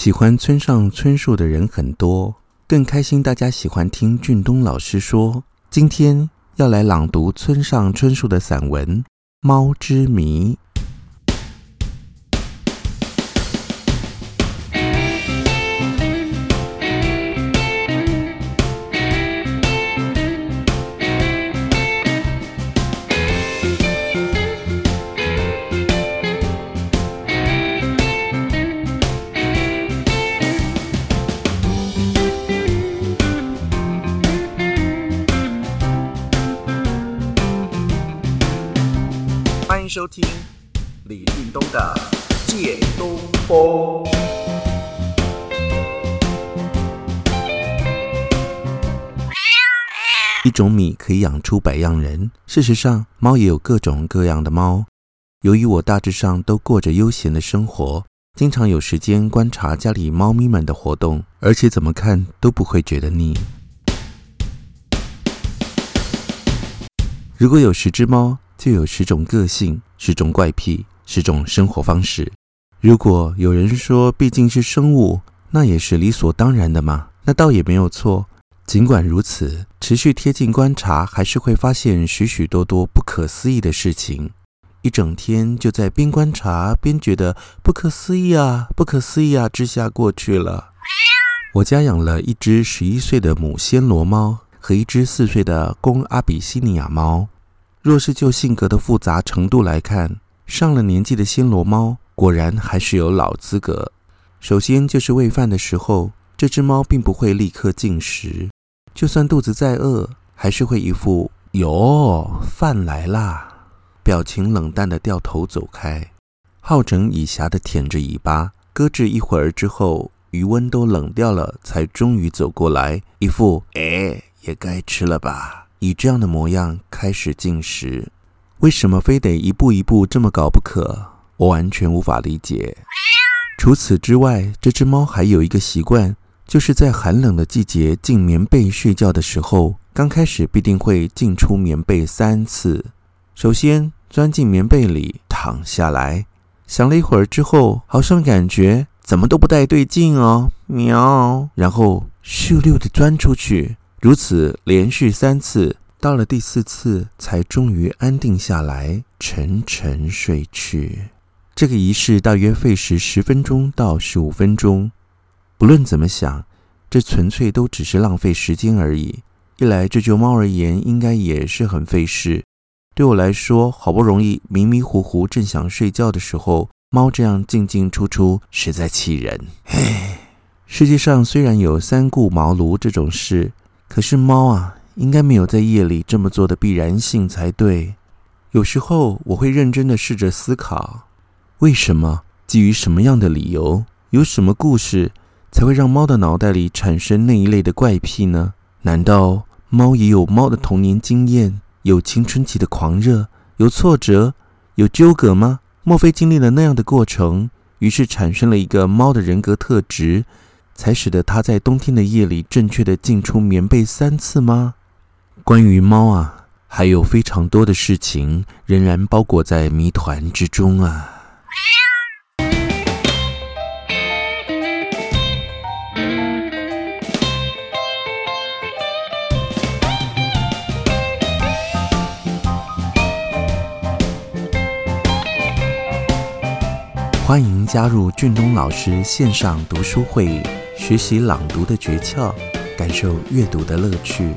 喜歡村上春樹的人很多，更開心。大家喜歡聽俊東老師說，今天要來朗讀村上春樹的散文《貓之謎》。收聽李俊東的《借東風》。一種米可以養出百樣人，事實上，貓也有各種各樣的貓。由於我大致上都過着悠閒的生活，經常有時間觀察家裡貓咪們的活動，而且怎麼看都不會覺得膩。如果有十隻貓，就有十種個性，十種怪癖，十種生活方式。如果有人說畢竟是生物，那也是理所當然的嘛。那倒也沒有錯。儘管如此，持續貼近觀察，還是會發現許許多多不可思議的事情。一整天就在邊觀察邊覺得不可思議啊，不可思議啊之下過去了。我家養了一隻十一歲的母暹羅貓和一隻四歲的公阿比西尼亞貓。若是就性格的複雜程度來看，上了年紀的暹羅貓果然還是有老資格。首先就是餵飯的時候，這隻貓並不會立刻進食，就算肚子再餓，還是會一副“喲，飯來啦”，表情冷淡的掉頭走開，好整以暇的舔着尾巴。擱置一會兒之後，餘溫都冷掉了，才終於走過來，一副“哎，也該吃了吧”，以這樣的模樣。開始進食，為什麼非得一步一步這麼搞不可？我完全無法理解，除此之外，這隻貓還有一個習慣，就是在寒冷的季節進棉被睡覺的時候，剛開始必定會進出棉被三次：首先鑽進棉被裡躺下來，想了一會兒之後，好像感覺怎麼都不太對勁哦，喵，然後咻溜地鑽出去，如此連續三次。到了第四次，才終於安定下來，沉沉睡去。這個儀式大約費時十分鐘到十五分鐘。不論怎麼想，這純粹都只是浪費時間而已。一來，這就貓而言，應該也是很費事；對我來說，好不容易迷迷糊糊正想睡覺的時候，貓這樣進進出出，實在氣人。唉，世界上雖然有三顧茅廬這種事，可是貓啊。應該沒有在夜裡這麼做的必然性才對。有時候我會認真的試着思考，為什麼基於什麼樣的理由，有什麼故事才會讓貓的腦袋裡產生那一類的怪癖呢？難道貓也有貓的童年經驗，有青春期的狂熱，有挫折，有糾葛嗎？莫非經歷了那樣的過程，於是產生了一個貓的人格特質，才使得它在冬天的夜裡正確的進出棉被三次嗎？關於貓啊，還有非常多的事情仍然包裹在謎團之中啊。歡迎加入俊東老師線上讀書會，學習朗讀的訣竅，感受閱讀的樂趣。